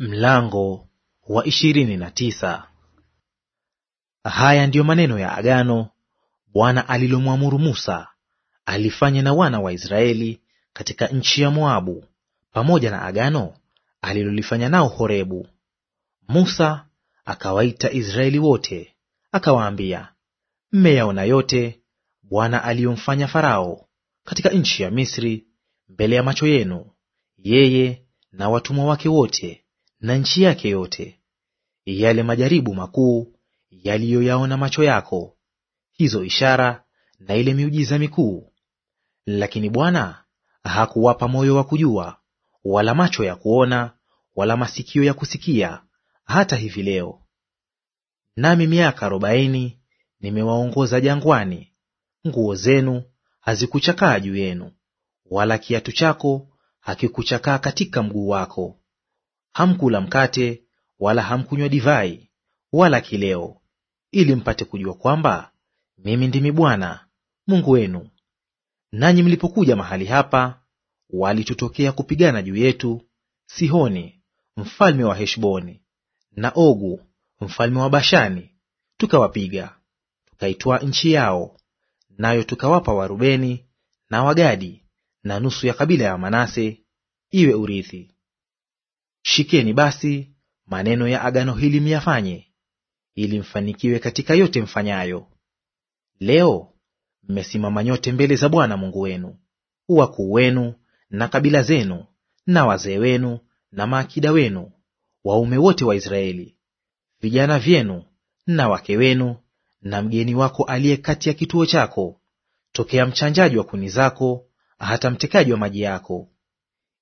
Mlango wa ishirini na tisa. Haya ndiyo maneno ya agano Bwana alilomwamuru Musa alifanye na wana wa Israeli katika nchi ya Moabu, pamoja na agano alilolifanya nao Horebu. Musa akawaita Israeli wote, akawaambia, mmeyaona yote Bwana aliyomfanya Farao katika nchi ya Misri mbele ya macho yenu, yeye na watumwa wake wote na nchi yake yote, yale majaribu makuu yaliyoyaona macho yako, hizo ishara na ile miujiza mikuu. Lakini Bwana hakuwapa moyo wa kujua, wala macho ya kuona, wala masikio ya kusikia, hata hivi leo. Nami miaka arobaini nimewaongoza jangwani, nguo zenu hazikuchakaa juu yenu, wala kiatu chako hakikuchakaa katika mguu wako hamkula mkate wala hamkunywa divai wala kileo, ili mpate kujua kwamba mimi ndimi Bwana Mungu wenu. Nanyi mlipokuja mahali hapa, walitutokea kupigana juu yetu Sihoni mfalme wa Heshboni na Ogu mfalme wa Bashani, tukawapiga tukaitwaa nchi yao, nayo tukawapa Warubeni na Wagadi na nusu ya kabila ya Manase iwe urithi. Shikeni basi maneno ya agano hili myafanye, ili mfanikiwe katika yote mfanyayo. Leo mmesimama nyote mbele za Bwana Mungu wenu, wakuu wenu na kabila zenu na wazee wenu na maakida wenu, waume wote wa Israeli, vijana vyenu na wake wenu, na mgeni wako aliye kati ya kituo chako, tokea mchanjaji wa kuni zako hata mtekaji wa maji yako,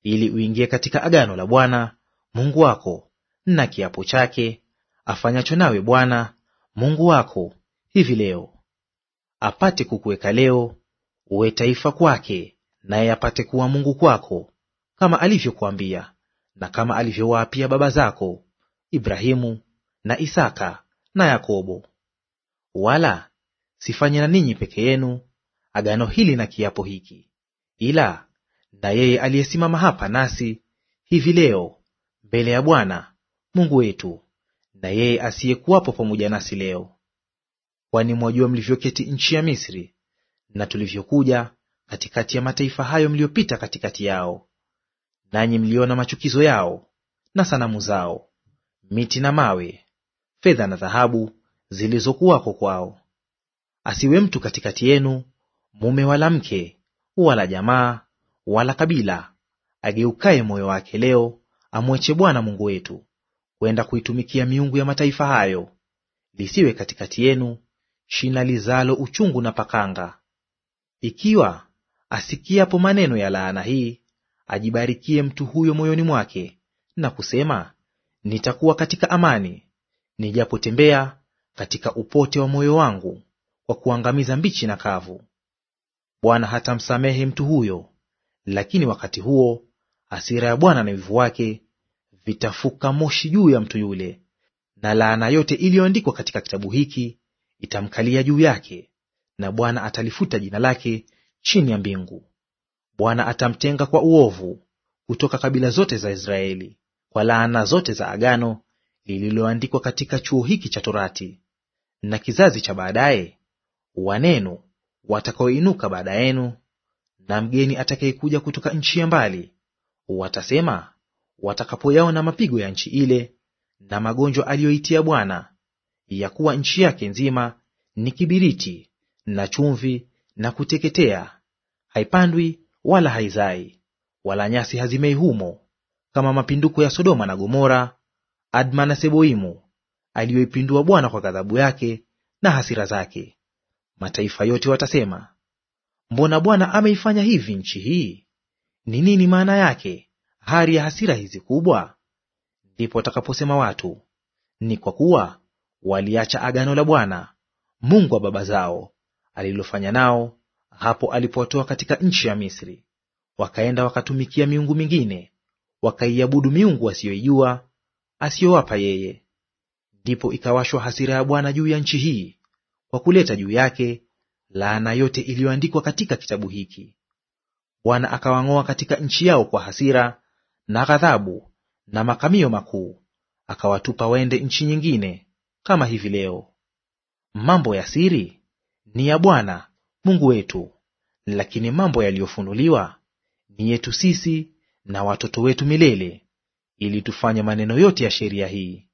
ili uingie katika agano la Bwana Mungu wako na kiapo chake afanyacho nawe Bwana Mungu wako hivi leo, apate kukuweka leo uwe taifa kwake, naye apate kuwa Mungu kwako, kama alivyokuambia na kama alivyowaapia baba zako Ibrahimu na Isaka na Yakobo. Wala sifanye na ninyi peke yenu agano hili na kiapo hiki, ila na yeye aliyesimama hapa nasi hivi leo mbele ya Bwana Mungu wetu na yeye asiyekuwapo pamoja nasi leo, kwani mwajua mlivyoketi nchi ya Misri na tulivyokuja katikati ya mataifa hayo mliyopita katikati yao, nanyi mliona machukizo yao na sanamu zao, miti na mawe, fedha na dhahabu zilizokuwako kwao. Asiwe mtu katikati yenu mume wala mke wala jamaa wala kabila ageukaye moyo wake leo amweche Bwana Mungu wetu kwenda kuitumikia miungu ya mataifa hayo, lisiwe katikati yenu shina lizalo uchungu na pakanga. Ikiwa asikiapo maneno ya laana hii, ajibarikie mtu huyo moyoni mwake na kusema, nitakuwa katika amani, nijapotembea katika upote wa moyo wangu kwa kuangamiza mbichi na kavu. Bwana hatamsamehe mtu huyo, lakini wakati huo Hasira ya Bwana na wivu wake vitafuka moshi juu ya mtu yule, na laana yote iliyoandikwa katika kitabu hiki itamkalia juu yake, na Bwana atalifuta jina lake chini ya mbingu. Bwana atamtenga kwa uovu kutoka kabila zote za Israeli, kwa laana zote za agano lililoandikwa katika chuo hiki cha Torati. Na kizazi cha baadaye wanenu watakaoinuka baada yenu, na mgeni atakayekuja kutoka nchi ya mbali Watasema watakapoyaona mapigo ya nchi ile na magonjwa aliyoitia Bwana, ya kuwa nchi yake nzima ni kibiriti na chumvi na kuteketea, haipandwi wala haizai, wala nyasi hazimei humo, kama mapinduko ya Sodoma na Gomora, Adma na Seboimu, aliyoipindua Bwana kwa ghadhabu yake na hasira zake. Mataifa yote watasema, mbona Bwana ameifanya hivi nchi hii? Ni nini maana yake hari ya hasira hizi kubwa? Ndipo watakaposema watu, ni kwa kuwa waliacha agano la Bwana Mungu wa baba zao alilofanya nao hapo alipotoa katika nchi ya Misri, wakaenda wakatumikia miungu mingine, wakaiabudu miungu wasiyoijua asiyowapa yeye. Ndipo ikawashwa hasira ya Bwana juu ya nchi hii, kwa kuleta juu yake laana yote iliyoandikwa katika kitabu hiki. Bwana akawang'oa katika nchi yao kwa hasira na ghadhabu na makamio makuu, akawatupa waende nchi nyingine, kama hivi leo. Mambo ya siri ni ya Bwana Mungu wetu, lakini mambo yaliyofunuliwa ni yetu sisi na watoto wetu milele, ili tufanye maneno yote ya sheria hii.